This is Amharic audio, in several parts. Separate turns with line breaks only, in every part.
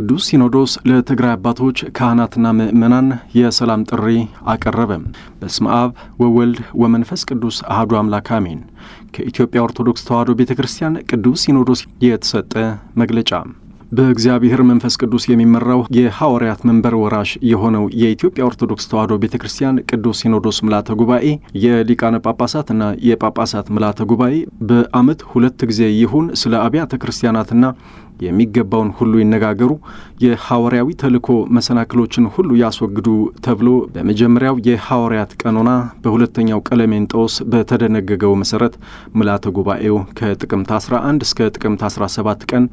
ቅዱስ ሲኖዶስ ለትግራይ አባቶች ካህናትና ምእመናን የሰላም ጥሪ አቀረበ። በስመ አብ ወወልድ ወመንፈስ ቅዱስ አህዱ አምላክ አሜን። ከኢትዮጵያ ኦርቶዶክስ ተዋሕዶ ቤተ ክርስቲያን ቅዱስ ሲኖዶስ የተሰጠ መግለጫ በእግዚአብሔር መንፈስ ቅዱስ የሚመራው የሐዋርያት መንበር ወራሽ የሆነው የኢትዮጵያ ኦርቶዶክስ ተዋሕዶ ቤተ ክርስቲያን ቅዱስ ሲኖዶስ ምልዓተ ጉባኤ የሊቃነ ጳጳሳትና የጳጳሳት ምልዓተ ጉባኤ በዓመት ሁለት ጊዜ ይሁን ስለ አብያተ ክርስቲያናትና የሚገባውን ሁሉ ይነጋገሩ፣ የሐዋርያዊ ተልእኮ መሰናክሎችን ሁሉ ያስወግዱ ተብሎ በመጀመሪያው የሐዋርያት ቀኖና በሁለተኛው ቀለሜንጦስ በተደነገገው መሰረት ምልዓተ ጉባኤው ከጥቅምት 11 እስከ ጥቅምት 17 ቀን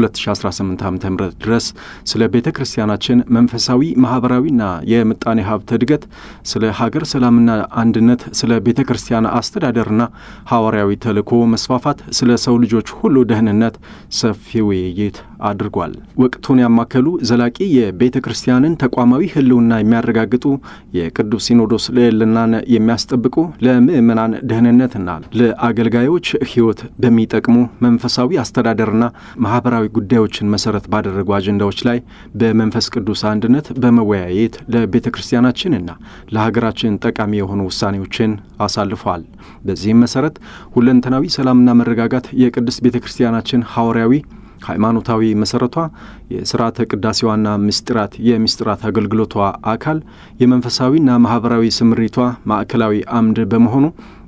2018 ዓ ም ድረስ ስለ ቤተ ክርስቲያናችን መንፈሳዊ ማኅበራዊና የምጣኔ ሀብት እድገት፣ ስለ ሀገር ሰላምና አንድነት፣ ስለ ቤተ ክርስቲያን አስተዳደርና ሐዋርያዊ ተልእኮ መስፋፋት፣ ስለ ሰው ልጆች ሁሉ ደህንነት ሰፊ ውይይት አድርጓል። ወቅቱን ያማከሉ ዘላቂ የቤተ ክርስቲያንን ተቋማዊ ሕልውና የሚያረጋግጡ የቅዱስ ሲኖዶስ ልዕልናን የሚያስጠብቁ ለምእመናን ደህንነትና ለአገልጋዮች ሕይወት በሚጠቅሙ መንፈሳዊ አስተዳደርና ማህበራዊ ጉዳዮችን መሰረት ባደረጉ አጀንዳዎች ላይ በመንፈስ ቅዱስ አንድነት በመወያየት ለቤተ ክርስቲያናችንና ለሀገራችን ጠቃሚ የሆኑ ውሳኔዎችን አሳልፈዋል። በዚህም መሰረት ሁለንተናዊ ሰላምና መረጋጋት የቅድስት ቤተ ክርስቲያናችን ሐዋርያዊ ሃይማኖታዊ መሰረቷ የስርዓተ ቅዳሴዋና ምስጢራት የምስጢራት አገልግሎቷ አካል የመንፈሳዊና ማህበራዊ ስምሪቷ ማዕከላዊ አምድ በመሆኑ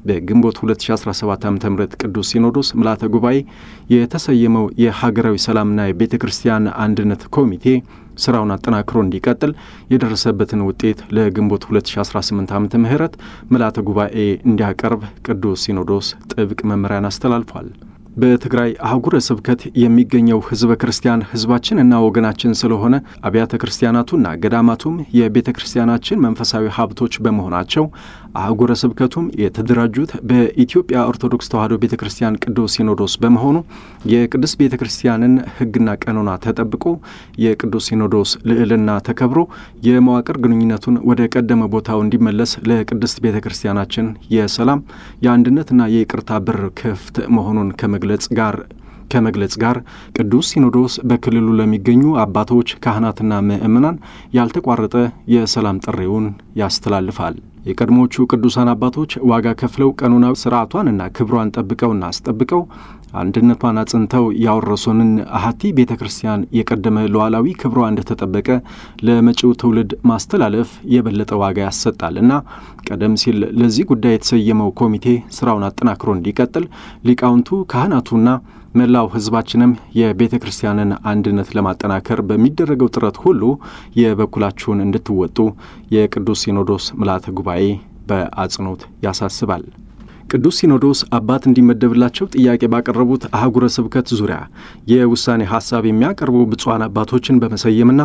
በግንቦት 2017 ዓ ም ቅዱስ ሲኖዶስ ምልዓተ ጉባኤ የተሰየመው የሀገራዊ ሰላምና የቤተ ክርስቲያን አንድነት ኮሚቴ ስራውን አጠናክሮ እንዲቀጥል የደረሰበትን ውጤት ለግንቦት 2018 ዓ ም ምልዓተ ጉባኤ እንዲያቀርብ ቅዱስ ሲኖዶስ ጥብቅ መመሪያን አስተላልፏል። በትግራይ አህጉረ ስብከት የሚገኘው ህዝበ ክርስቲያን እና ወገናችን ስለሆነ አብያተ ክርስቲያናቱና ገዳማቱም የቤተ ክርስቲያናችን መንፈሳዊ ሀብቶች በመሆናቸው አህጉረ ስብከቱም የተደራጁት በኢትዮጵያ ኦርቶዶክስ ተዋሕዶ ቤተ ክርስቲያን ቅዱስ ሲኖዶስ በመሆኑ የቅዱስ ቤተ ክርስቲያንን ሕግና ቀኖና ተጠብቆ የቅዱስ ሲኖዶስ ልዕልና ተከብሮ የመዋቅር ግንኙነቱን ወደ ቀደመ ቦታው እንዲመለስ ለቅድስት ቤተ ክርስቲያናችን የሰላም የአንድነትና የይቅርታ በር ክፍት መሆኑን ከመግለጽ ጋር ከመግለጽ ጋር ቅዱስ ሲኖዶስ በክልሉ ለሚገኙ አባቶች ካህናትና ምእመናን ያልተቋረጠ የሰላም ጥሪውን ያስተላልፋል። የቀድሞቹ ቅዱሳን አባቶች ዋጋ ከፍለው ቀኖናዊ ስርዓቷንና ክብሯን ጠብቀውና አስጠብቀው አንድነቷን አጽንተው ያወረሱንን አሀቲ ቤተ ክርስቲያን የቀደመ ሉዓላዊ ክብሯ እንደተጠበቀ ለመጪው ትውልድ ማስተላለፍ የበለጠ ዋጋ እና ቀደም ሲል ለዚህ ጉዳይ የተሰየመው ኮሚቴ ስራውን አጠናክሮ እንዲቀጥል ሊቃውንቱ ካህናቱና መላው ህዝባችንም የቤተ ክርስቲያንን አንድነት ለማጠናከር በሚደረገው ጥረት ሁሉ የበኩላችሁን እንድትወጡ የቅዱስ ሲኖዶስ ምልዓተ ጉባኤ በአጽንኦት ያሳስባል። ቅዱስ ሲኖዶስ አባት እንዲመደብላቸው ጥያቄ ባቀረቡት አህጉረ ስብከት ዙሪያ የውሳኔ ሐሳብ የሚያቀርቡ ብፁዓን አባቶችን በመሰየምና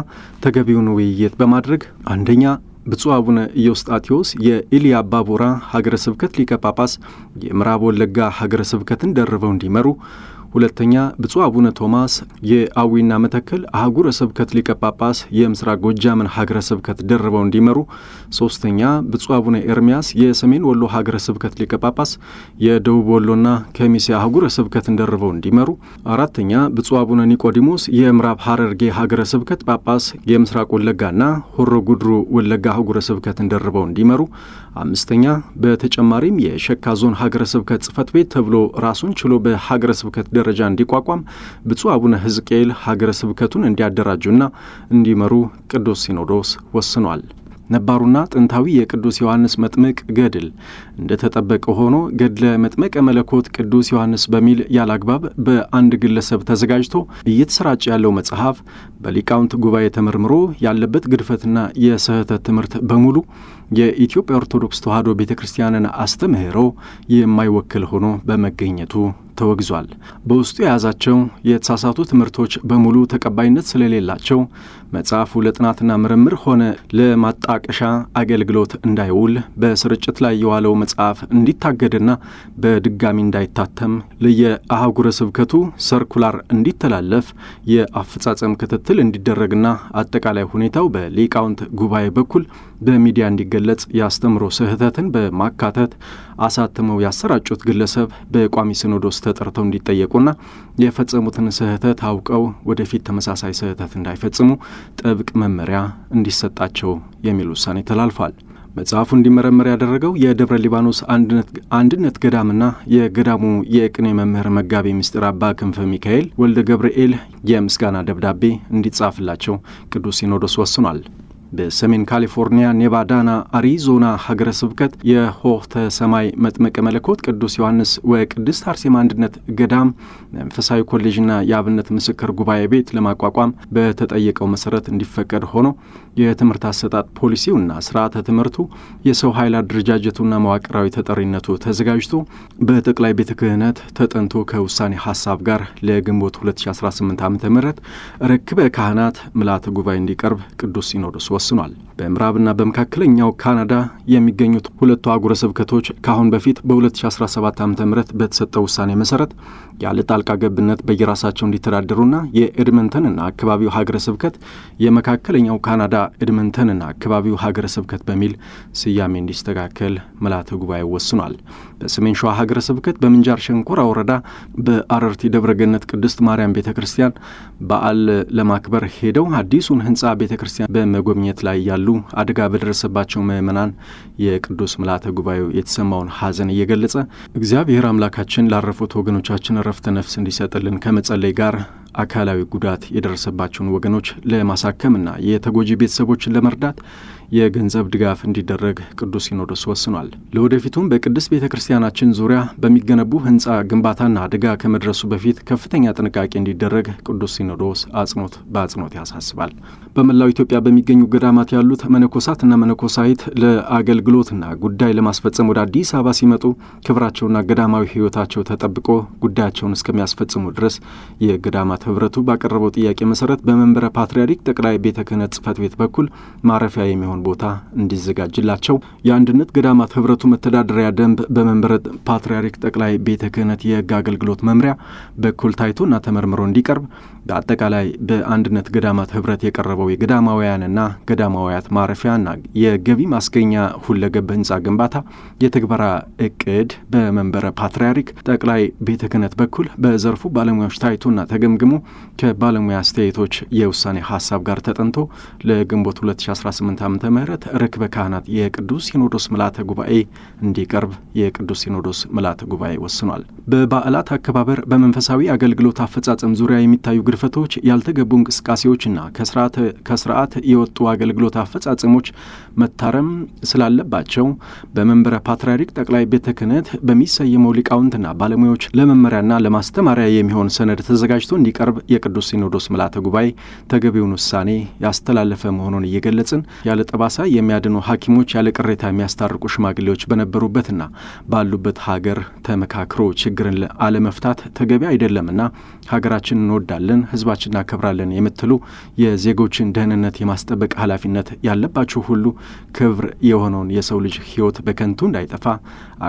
ተገቢውን ውይይት በማድረግ አንደኛ ብፁዕ አቡነ ኢዮስጣቴዎስ የኢልያ አባቦራ ሀገረ ስብከት ሊቀ ጳጳስ የምዕራብ ወለጋ ሀገረ ስብከትን ደርበው እንዲመሩ፣ ሁለተኛ ብፁዕ አቡነ ቶማስ የአዊና መተከል አህጉረ ስብከት ሊቀ ጳጳስ የምስራቅ ጎጃምን ሀገረ ስብከት ደርበው እንዲመሩ፣ ሶስተኛ ብፁዕ አቡነ ኤርሚያስ የሰሜን ወሎ ሀገረ ስብከት ሊቀ ጳጳስ የደቡብ ወሎና ከሚሴ አህጉረ ስብከትን ደርበው እንዲመሩ፣ አራተኛ ብፁዕ አቡነ ኒቆዲሞስ የምዕራብ ሀረርጌ ሀገረ ስብከት ጳጳስ የምስራቅ ወለጋና ሆሮ ጉድሩ ወለጋ አህጉረ ስብከትን ደርበው እንዲመሩ፣ አምስተኛ በተጨማሪም የሸካ ዞን ሀገረ ስብከት ጽፈት ቤት ተብሎ ራሱን ችሎ በሀገረ ስብከት ደረጃ እንዲቋቋም ብፁዕ አቡነ ሕዝቅኤል ሀገረ ስብከቱን እንዲያደራጁና እንዲመሩ ቅዱስ ሲኖዶስ ወስኗል። ነባሩና ጥንታዊ የቅዱስ ዮሐንስ መጥምቅ ገድል እንደተጠበቀ ሆኖ ገድለ መጥመቀ መለኮት ቅዱስ ዮሐንስ በሚል ያላግባብ በአንድ ግለሰብ ተዘጋጅቶ እየተሰራጨ ያለው መጽሐፍ በሊቃውንት ጉባኤ ተመርምሮ ያለበት ግድፈትና የስህተት ትምህርት በሙሉ የኢትዮጵያ ኦርቶዶክስ ተዋሕዶ ቤተ ክርስቲያንን አስተምህሮ የማይወክል ሆኖ በመገኘቱ ተወግዟል። በውስጡ የያዛቸው የተሳሳቱ ትምህርቶች በሙሉ ተቀባይነት ስለሌላቸው መጽሐፉ ለጥናትና ምርምር ሆነ ለማጣቀሻ አገልግሎት እንዳይውል በስርጭት ላይ የዋለው መጽሐፍ እንዲታገድና በድጋሚ እንዳይታተም ለየአህጉረ ስብከቱ ሰርኩላር እንዲተላለፍ የአፈጻጸም ክትትል እንዲደረግና አጠቃላይ ሁኔታው በሊቃውንት ጉባኤ በኩል በሚዲያ እንዲገለጽ የአስተምሮ ስህተትን በማካተት አሳትመው ያሰራጩት ግለሰብ በቋሚ ሲኖዶስ ተጠርተው እንዲጠየቁና የፈጸሙትን ስህተት አውቀው ወደፊት ተመሳሳይ ስህተት እንዳይፈጽሙ ጥብቅ መመሪያ እንዲሰጣቸው የሚል ውሳኔ ተላልፏል። መጽሐፉ እንዲመረመር ያደረገው የደብረ ሊባኖስ አንድነት ገዳምና የገዳሙ የቅኔ መምህር መጋቢ ምስጢር አባ ክንፈ ሚካኤል ወልደ ገብርኤል የምስጋና ደብዳቤ እንዲጻፍላቸው ቅዱስ ሲኖዶስ ወስኗል። በሰሜን ካሊፎርኒያ ኔቫዳና አሪዞና ሀገረ ስብከት የሆህተ ሰማይ መጥመቀ መለኮት ቅዱስ ዮሐንስ ወቅድስት አርሴማ አንድነት ገዳም መንፈሳዊ ኮሌጅና የአብነት ምስክር ጉባኤ ቤት ለማቋቋም በተጠየቀው መሰረት እንዲፈቀድ ሆኖ የትምህርት አሰጣጥ ፖሊሲውና ስርዓተ ትምህርቱ የሰው ኃይል አደረጃጀቱና መዋቅራዊ ተጠሪነቱ ተዘጋጅቶ በጠቅላይ ቤተ ክህነት ተጠንቶ ከውሳኔ ሀሳብ ጋር ለግንቦት 2018 ዓ ም ርክበ ካህናት ምልዓተ ጉባኤ እንዲቀርብ ቅዱስ ሲኖዶስ ወስኗል። በምዕራብና በመካከለኛው ካናዳ የሚገኙት ሁለቱ አህጉረ ስብከቶች ከአሁን በፊት በ2017 ዓ ም በተሰጠው ውሳኔ መሰረት ያለ ጣልቃ ገብነት በየራሳቸው እንዲተዳደሩና የኤድመንተንና አካባቢው ሀገረ ስብከት የመካከለኛው ካናዳ ኤድመንተንና አካባቢው ሀገረ ስብከት በሚል ስያሜ እንዲስተካከል ምልዓተ ጉባኤ ወስኗል። በሰሜን ሸዋ ሀገረ ስብከት በምንጃር ሸንኮራ ወረዳ በአረርቲ ደብረገነት ቅድስት ማርያም ቤተ ክርስቲያን በዓል ለማክበር ሄደው አዲሱን ህንፃ ቤተ ክርስቲያን በመጎብኘት ላይ ያሉ ያሉ አደጋ በደረሰባቸው ምእመናን የቅዱስ ምላተ ጉባኤው የተሰማውን ሐዘን እየገለጸ እግዚአብሔር አምላካችን ላረፉት ወገኖቻችን እረፍተ ነፍስ እንዲሰጥልን ከመጸለይ ጋር አካላዊ ጉዳት የደረሰባቸውን ወገኖች ለማሳከምና የተጎጂ ቤተሰቦችን ለመርዳት የገንዘብ ድጋፍ እንዲደረግ ቅዱስ ሲኖዶስ ወስኗል። ለወደፊቱም በቅድስት ቤተ ክርስቲያናችን ዙሪያ በሚገነቡ ህንፃ ግንባታና አደጋ ከመድረሱ በፊት ከፍተኛ ጥንቃቄ እንዲደረግ ቅዱስ ሲኖዶስ አጽንኦት በአጽንኦት ያሳስባል። በመላው ኢትዮጵያ በሚገኙ ገዳማት ያሉት መነኮሳትና መነኮሳይት ለአገልግሎትና ጉዳይ ለማስፈጸም ወደ አዲስ አበባ ሲመጡ ክብራቸውና ገዳማዊ ህይወታቸው ተጠብቆ ጉዳያቸውን እስከሚያስፈጽሙ ድረስ የገዳማት ህብረቱ ባቀረበው ጥያቄ መሰረት በመንበረ ፓትርያርክ ጠቅላይ ቤተ ክህነት ጽሕፈት ቤት በኩል ማረፊያ የሚሆን ቦታ እንዲዘጋጅላቸው የአንድነት ገዳማት ህብረቱ መተዳደሪያ ደንብ በመንበረ ፓትርያርክ ጠቅላይ ቤተ ክህነት የህግ አገልግሎት መምሪያ በኩል ታይቶና ተመርምሮ እንዲቀርብ በአጠቃላይ በአንድነት ገዳማት ህብረት የቀረበው የገዳማውያንና ገዳማውያት ማረፊያና የገቢ ማስገኛ ሁለገብ ህንፃ ግንባታ የትግበራ እቅድ በመንበረ ፓትርያርክ ጠቅላይ ቤተ ክህነት በኩል በዘርፉ ባለሙያዎች ታይቶና ተገምግሞ ከባለሙያ አስተያየቶች የውሳኔ ሀሳብ ጋር ተጠንቶ ለግንቦት 2018 ዓመተ ምህረት ርክበ ካህናት የቅዱስ ሲኖዶስ ምልዓተ ጉባኤ እንዲቀርብ የቅዱስ ሲኖዶስ ምልዓተ ጉባኤ ወስኗል። በበዓላት አከባበር፣ በመንፈሳዊ አገልግሎት አፈጻጸም ዙሪያ የሚታዩ ግድፈቶች፣ ያልተገቡ እንቅስቃሴዎችና ከስርዓት የወጡ አገልግሎት አፈጻጸሞች መታረም ስላለባቸው በመንበረ ፓትርያርክ ጠቅላይ ቤተ ክህነት በሚሰየመው ሊቃውንትና ባለሙያዎች ለመመሪያና ለማስተማሪያ የሚሆን ሰነድ ተዘጋጅቶ እንዲቀርብ የቅዱስ ሲኖዶስ ምልዓተ ጉባኤ ተገቢውን ውሳኔ ያስተላለፈ መሆኑን እየገለጽን ያለ ጠባሳ የሚያድኑ ሐኪሞች ያለ ቅሬታ የሚያስታርቁ ሽማግሌዎች በነበሩበትና ባሉበት ሀገር ተመካክሮ ችግርን አለመፍታት ተገቢ አይደለምና ሀገራችን እንወዳለን፣ ህዝባችን እናከብራለን የምትሉ የዜጎችን ደህንነት የማስጠበቅ ኃላፊነት ያለባችሁ ሁሉ ክብር የሆነውን የሰው ልጅ ህይወት በከንቱ እንዳይጠፋ፣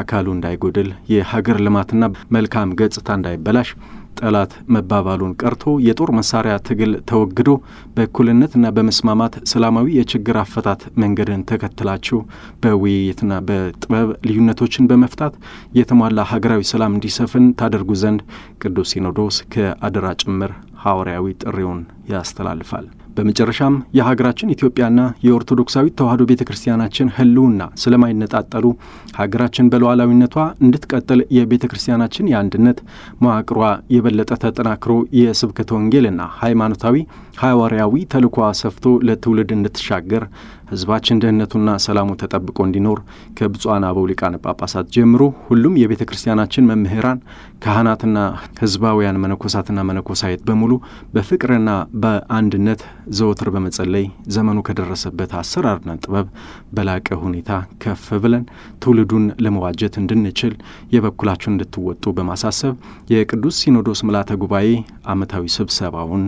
አካሉ እንዳይጎድል፣ የሀገር ልማትና መልካም ገጽታ እንዳይበላሽ ጠላት መባባሉን ቀርቶ የጦር መሳሪያ ትግል ተወግዶ በእኩልነትና በመስማማት ሰላማዊ የችግር አፈታት መንገድን ተከትላችሁ በውይይትና በጥበብ ልዩነቶችን በመፍታት የተሟላ ሀገራዊ ሰላም እንዲሰፍን ታደርጉ ዘንድ ቅዱስ ሲኖዶስ ከአደራ ጭምር ሐዋርያዊ ጥሪውን ያስተላልፋል። በመጨረሻም የሀገራችን ኢትዮጵያና የኦርቶዶክሳዊት ተዋሕዶ ቤተ ክርስቲያናችን ሕልውና ስለማይነጣጠሉ ሀገራችን በሉዓላዊነቷ እንድትቀጥል የቤተ ክርስቲያናችን የአንድነት መዋቅሯ የበለጠ ተጠናክሮ የስብከተ ወንጌልና ሃይማኖታዊ ሐዋርያዊ ተልኳ ሰፍቶ ለትውልድ እንድትሻገር ህዝባችን ደህንነቱና ሰላሙ ተጠብቆ እንዲኖር ከብፁዓን አበው ሊቃነ ጳጳሳት ጀምሮ ሁሉም የቤተ ክርስቲያናችን መምህራን፣ ካህናትና ህዝባውያን መነኮሳትና መነኮሳየት በሙሉ በፍቅርና በአንድነት ዘወትር በመጸለይ ዘመኑ ከደረሰበት አሰራርና ጥበብ በላቀ ሁኔታ ከፍ ብለን ትውልዱን ለመዋጀት እንድንችል የበኩላችሁን እንድትወጡ በማሳሰብ የቅዱስ ሲኖዶስ ምልዓተ ጉባኤ ዓመታዊ ስብሰባውን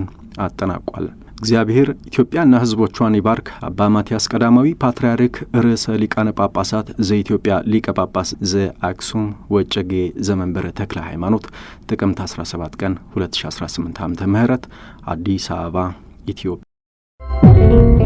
አጠናቋል። እግዚአብሔር ኢትዮጵያና ሕዝቦቿን ይባርክ። አባ ማትያስ ቀዳማዊ ፓትርያርክ ርዕሰ ሊቃነ ጳጳሳት ዘኢትዮጵያ ሊቀ ጳጳስ ዘአክሱም ወጨጌ ዘመንበረ ተክለ ሃይማኖት ጥቅምት 17 ቀን 2018 ዓ ም አዲስ አበባ ኢትዮጵያ